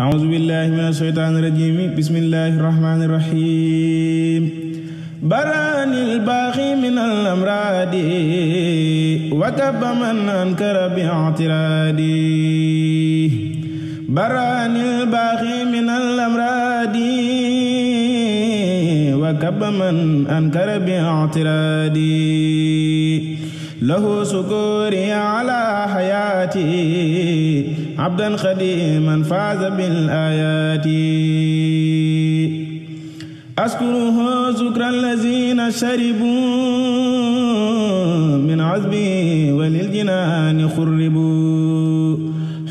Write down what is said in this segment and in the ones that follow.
أعوذ بالله من الشيطان الرجيم بسم الله الرحمن الرحيم براني الباغي من الأمراض وكب من أنكر باعترادي براني الباغي من الأمراض وكب من أنكر باعترادي له سكوري على حياتي abdan xadiman faaza bil ayaati askuruhu sukra allazina sharibu min azbi wa lil jinaani xurribu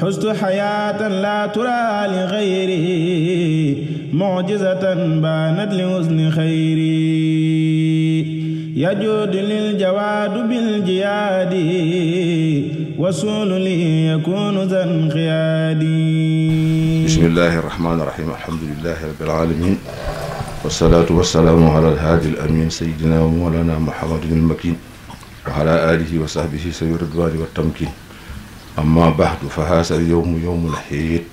xustu xayaatan laa turaa li xayri mucjizatan baanat li husni xayri يجود للجواد بالجياد وصول لي يكون ذا انقيادي بسم الله الرحمن الرحيم الحمد لله رب العالمين والصلاة والسلام على الهادي الأمين سيدنا ومولانا محمد المكين وعلى آله وصحبه سير الرضوان والتمكين أما بعد فهذا اليوم يوم الحيد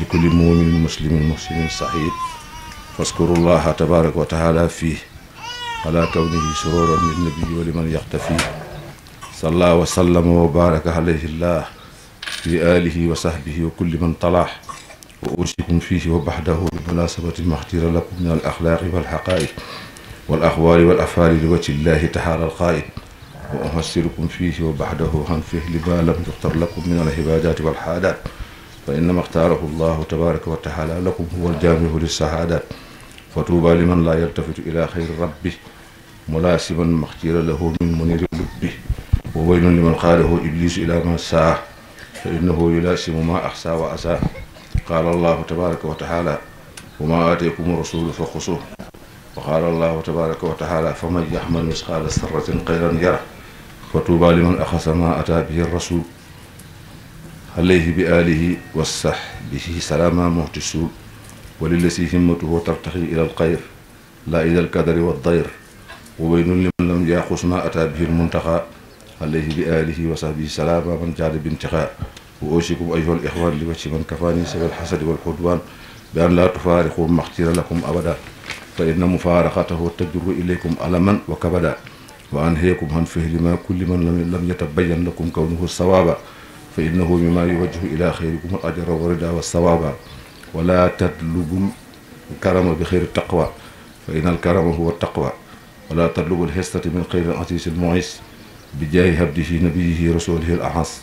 لكل مؤمن مسلم محسن صحيح فاذكروا الله تبارك وتعالى فيه ala kawnihi sururan min nabii wa liman yaxtafi salla wa sallama wa baraka alayhi llah fi alihi wa sahbihi wa kulli man talaax wa usikum fiihi wa baxdahu bi munasabati maxtira lakum min al axlaaqi wal xaqaa'iq wal axwaali wal afaali li wajhi llahi taxaala alqaa'id wa uhassirukum fiihi wa baxdahu xan fiih lima lam yuxtar lakum min alxibaadaati wal xaadaat fa innama xtaarahu llahu tabaaraka wa taxaala lakum huwa aljaamiu lissahaadaat fa tuuba li man laa yaltafitu ila xayri rabbi mulaasiman maxjira lahu min muniri lubbi wa waylun liman xaalahu iblisu ila ma saa fa innahu yulaasimu ma axsa wa asa qaala allahu tabaraka wa taala wa ma aataykum rasulu fa xusu wa qaala allahu tabaraka wa taala fa man yaxmal misqaala sarratin xayran yara fa tuuba liman axasa ma ata bihi rasul alayhi bi alihi wa sahbihi salaama muhtisuun walila si himmatuhu tartaxi ila alxayr laa ila alkadari wa dayr wa waynun liman lam yaxus ma ata bihi almuntaxa alayhi bi alihi wa sahbihi salaama man jaada bintixa wa ausikum ayuha alixwan li wacci man kafaani sabi alxasadi walxudwan bi an laa tufaarixu maxtira lakum abada fa inna mufaaraxatahu tajru ilaykum alaman wa kabada wa anhaakum an fihli ma kulli man lam yatabayan lakum kawnuhu sawaaba fa innahu mima yuwajjihu ila xayrikum al ajra wa rida wa sawaaba wala tatlubu karama bi xëyri taqwa fa inal karama huwa taqwa wala tatlubul xestati min xëyri asiisil muis bi jaayi habdihi nabiyihi rasulihi al ahas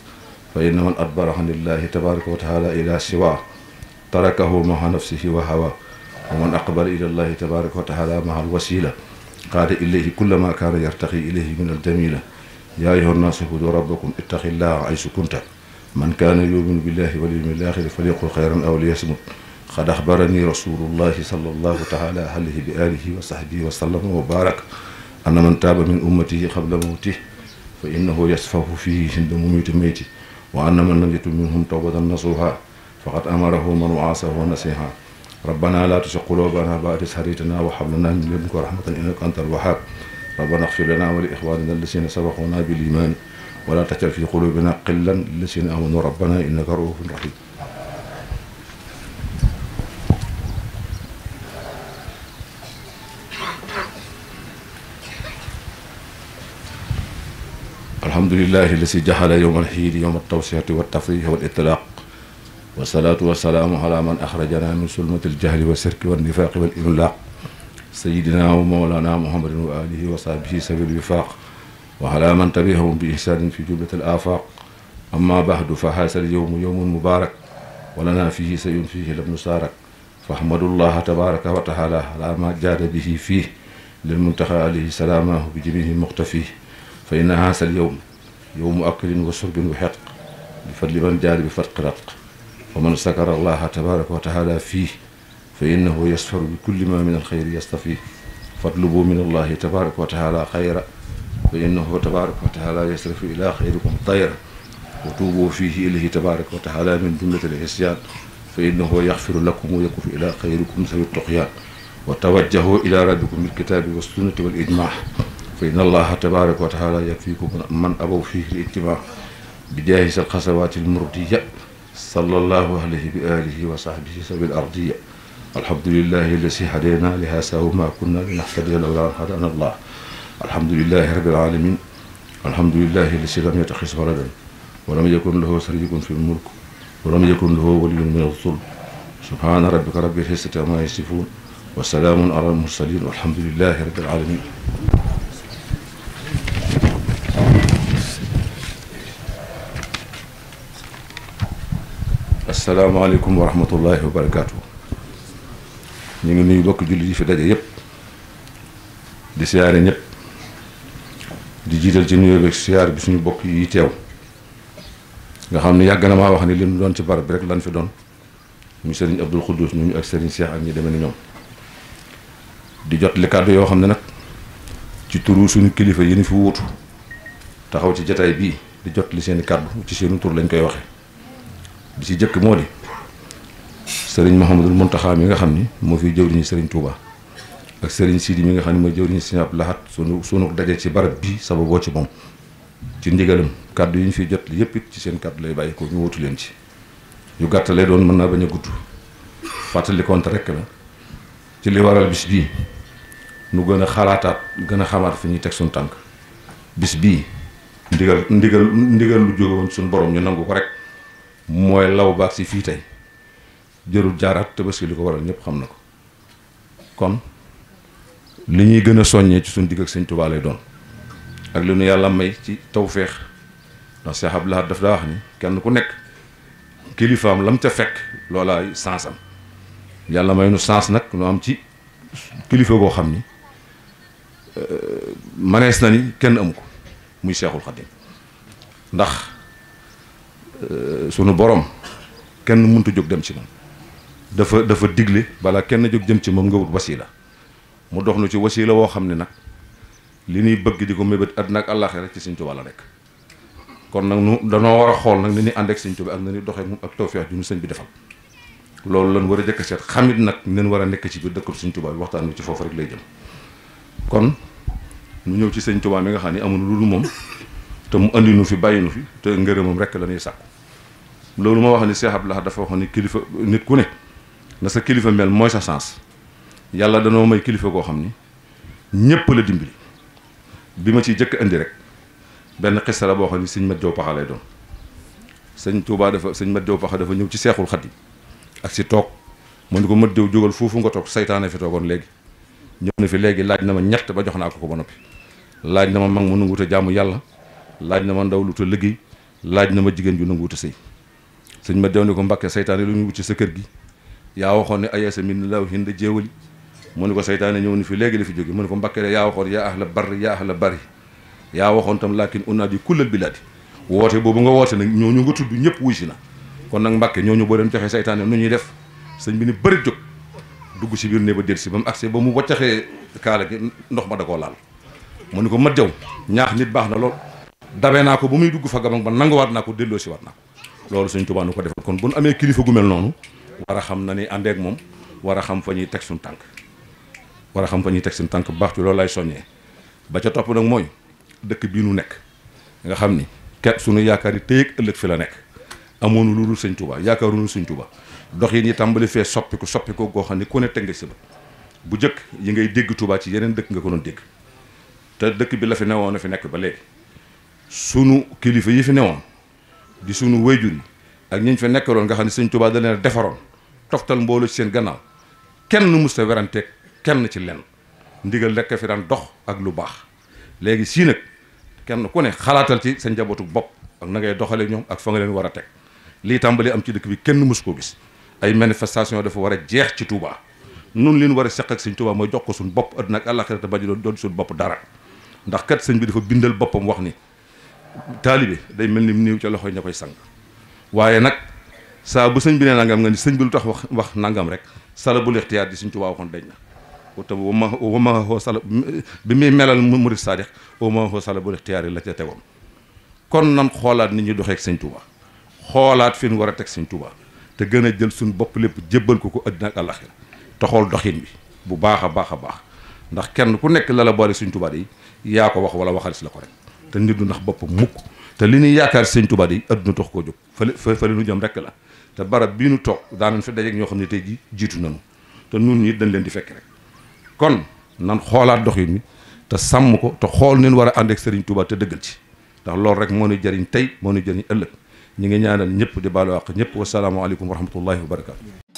fa inna man adbara xanillahi tabaraka wa taala ila siwa tarakahu maha nafsihi wa hawa wa man aqbala ila llahi tabaraka wa taala maha alwasila qaada ilayhi kulla ma kaana yartaxi ilayhi min aljamila yaa ayyuha nnaasu ubudu rabbakum ittaqillaha aysu kunta man kaana yuuminu billahi wal yawmil aaxiri falyaqul xayran aw liyasmut xad axbarani rasulullahi sallallahu taala alayhi bi alihi wa sahbihi wa sallama wa baaraka anna man taaba min ummatihi qabla mawtihi fa innahu yasfahu fihi inda mumiti mayti wa anna man lam yatub minhum tawbatan nasuha faqad amarahu man waasahu wa nasiha rabbana la tusi qulubana baada is hariitana wa hab lana min ladunka rahmatan innaka anta alwahaab rabbana axfir lana wa li ixwanina allasina sabaquna bil iman wala tajal fi qulubina qillan lillazina amanu rabbana innaka raufun rahim alhamdulilahi lazi jaxala yowma alxiidi yowma altawsiyati waltafrihi walitlaq wasalaatu wasalaamu ala man axrajana min sulmati aljahli walsirki walnifaaqi walimlaaq sayidina wa mawlana muhammadin wa alihi wa sahbihi sabil wifaaq wa ala man tabi'ahum bi ihsanin fi jumlat al afaq amma ba'du fa haasal yowmu yowmun mubarak wa lana fihi sayun fihi lam nusaarak fa ahmadullaha tabaraka wa taala ala ma jaada bihi fii lil muntaxa alayhi salaamahu bi jamihi muqtafi fa inna haasal yowm yowmu aklin wa surbin wa xeq bi fadli man jaada bi fatqi ratq wa man sakara allaha tabaraka wa taala fii fa innahu yasfaru bi kulli ma min alxayri yastafi fatlubu min allahi tabaraka wa taala xayra fa innahu tabaraka wa taala yasrafu ila xayrikum tayra wa tuubu fihi ilayhi tabaraka wa taala min jumlati al isyan fa innahu yaxfiru lakum wa yakufu ila xayrikum sawi tuqyan wa tawajjahu ila rabbikum bil kitabi wa sunnati wal ijma fa inna allaha tabaraka wa taala yakfikum man abaw fihi al ijtima bi jaahi sal xasawaati al murdiya sallallahu alayhi wa alihi wa sahbihi sawi al ardiya alhamdulillahi alladi hadayna li haasa wa ma kunna linahtadiya lawla an hadana allah alhamdulilahi rabil alamin alhamdulilahi lasi lam yataxis waladan walam yakun lahu sarikun fi lmulk walam yakun lahu waliyun min azul subhaana rabbika rabbil izzati amma yasifun wa salaamun ala almursalin walhamdulilahi rabil alamin asalaamaaleykum wa rahmatullahi wa barakaatu ñu ngi nuyu bokk jullit yi fi daje yépp di siyaare ñépp di jiital ci nuyoo siyaar bi suñu bokk yi teew nga xam ne yàgg na maa wax ne li mu doon ci bara bi rek lan fi doon muy sëriñ Abdul Xuddus ñu ak sëriñ Cheikh ak ñi demee na ñoom di jot li kàddu yoo xam ne nag ci turu suñu kilifa yi ni fi wuutu taxaw ci jataay bii di jot li seen i kàddu ci seenu tur lañ koy waxe di ci jëkk moo di sëriñ Mouhamadul Mountakha mi nga xam ni moo fiy ñu sëriñ tuubaa ak Serigne Sidi mi nga xam ne mooy jëwriñu Serigne Abdou Lahad sunu sunu daje ci barab bi sababoo ci moom ci ndigalam kàddu yi ñu fi jot yëpp it ci seen kàddu lay bàyyi ko ñu wóotu leen ci yu gàttalee doon mën naa bañ a gudd fàttali compte rek la ci li waral bis bii nu gën a xalaataat gën a xamaat fi ñuy teg suñu tànk bis bii ndigal ndigal ndigal lu jóge suñu boroom ñu nangu ko rek mooy law baag si fii tey jërul jaaraat te bés li ko waral ñëpp xam na ko kon li ñuy gën a soññee ci suñ digg ak sëñ Tuubaa doon ak li nu yàlla may ci tawféex ndax Cheikh Abdou Lahad daf daa wax ni kenn ku nekk kilifaam lam ca fekk loolaay sens am yàlla may nu sens nag nu am ci kilifa goo xam ni euh, manees na ni kenn amu ko muy Seexul Xadim ndax euh, sunu boroom kenn mënut a jóg dem ci moom dafa dafa digle balaa kenn jóg jëm ci moom nga wut la mu dox nu ci wasiila woo xam ne nag li ñuy bëgg di ko mébét àddina ak àllaaxira ci Sëñ Tuubaa la nekk kon nag nu danoo war a xool nag ni ñuy ànd ak Sëñ Tuubaa na ñuy doxee moom ak tawfeex ju ñu sëñ bi defal loolu lan war a jëkk seet xamit nag nen war a nekk ci biir dëkkub Sëñ Tuubaa bi waxtaan ci foofu rek lay jëm kon ñëw ci Sëñ Tuubaa nga xam ne amul lu dul moom te mu indi nu fi bàyyi nu fi te ngërëmam rek la ñuy sàkku loolu ma wax ni Cheikh Abdallah dafa wax ni kilifa nit ku ne na sa kilifa mel mooy sa sens yàlla danoo may kilifa goo xam ni ñëpp la dimbali bi ma ci jëkk indi rek benn xista boo xam ni sëñ Mat Jow Paxa doon sëñ tuubaa dafa sëñ Mat Jow Paxa dafa ñëw ci seexul Xaadim ak si toog mu ne ko Mat Jow jógal foofu nga toog saytaane fi toogoon léegi ñëw na fi léegi laaj na ma ñett ba jox naa ko ko ba noppi laaj na ma mag mu nanguwut a jaamu yàlla laaj na ma ndaw lu ta liggéey laaj na ma jigéen ju nanguwut a sëy sëñ Mat Jow ni ko Mbàkke saytaane lu ñu ci sa kër gi yaa waxoon ne mu ne ko seytaane ñëw ni fi léegi la fi jóge mu ne ko mbakke yaa waxoon yaa ahla barri yaa ahla bari yaa waxoon tam laakin unaadi kullal bilaadi woote boobu nga woote nag ñooñu nga tudd ñëpp wuy si na kon nag mbakke ñooñu boo doon joxee seytaane nu ñuy def sëñ bi ni bëri jóg dugg si biir ne ba déet si ba mu accès ba mu waccaxee kaala gi ndox ma da koo laal mu ne ko mat jaw ñaax nit baax na lool dabe naa ko ba muy dugg fa gabang ba nanguwaat naa ko delloo si waat naa ko loolu suñ tubaanu ko defal kon bu nu amee kilifa gu mel noonu war a xam na ni àndeek moom war a xam fa ñuy teg suñ tànk war a xam fa ñuy teg seen tànk bu baax ci loolu lay soññee ba ca topp nag mooy dëkk bii nu nekk nga xam ni ket sunu yaakaar yi tey ak ëllëg fi la nekk amoonu lu dul sëñ Tuubaa yaakaaruñu sëñ Tuubaa dox yi ñi tàmbali fee soppiku soppiku goo xam ne ku ne teg nga si ba bu njëkk yi ngay dégg Tuubaa ci yeneen dëkk nga ko doon dégg te dëkk bi la fi newoon a fi nekk ba léegi sunu kilifa yi fi newoon di sunu wayjur yi ak ñu fi nekkaloon nga xam ne sëñ Tuubaa da leen defaroon toftal mboolu seen gannaaw kenn mus musta weranteeg kenn ci lenn ndigal rekk fi daan dox ak lu baax léegi sii nag kenn ku ne xalaatal ci sa njabootu bopp ak na ngay doxale ñoom ak fa nga leen war a teg lii tàmbali am ci dëkk bi kenn mës koo gis ay manifestation dafa war a jeex ci Touba nun li ñu war a seq ak sëñ Touba mooy jox ko suñ bopp àdduna ak àllaxira te bañ doon doon suñ bopp dara ndax kat sëñ bi dafa bindal boppam wax ni taalibe day mel ni néew ca loxo yi ña koy sang waaye nag saa bu sëñ bi ne nangam nga ni sëñ bi tax wax wax nangam rek sala bu lextiyaat di sëñ Touba waxoon dañ te wama wama xoo sala bi muy melal murid saadix wama xoo sala bu ixtiyaar yi la ca tegoon kon nan xoolaat nit ñi doxeek sëñ xoolaat fi ñu war a teg sëñ Touba te gën a jël suñ bopp lépp jébbal ko ko àddina te xool doxin bi bu baax a baax a baax ndax kenn ku nekk la la boole sëñ Touba yi yaa ko wax wala waxalis la ko rek te nit du ndax bopp mukk te li ñuy yaakaar sëñ Touba yi àdduna tox koo jóg fa fële nu jëm rek la te barab bii nu toog daanañ fi dajeeg ñoo xam ne tey ji jiitu nañu te nun ñi dañ leen di fekk rek kon nan xoolaat doxin mi te sàmm ko te xool nen war a ànd ak Serigne te dëggal ci ndax loolu rek moo ñu jariñ tey moo ñu jëriñ ëllëg ñi ngi ñaanal ñëpp di baalu àq ñëpp wasalaamualeykum wa rahmatullahi wa barakaatu.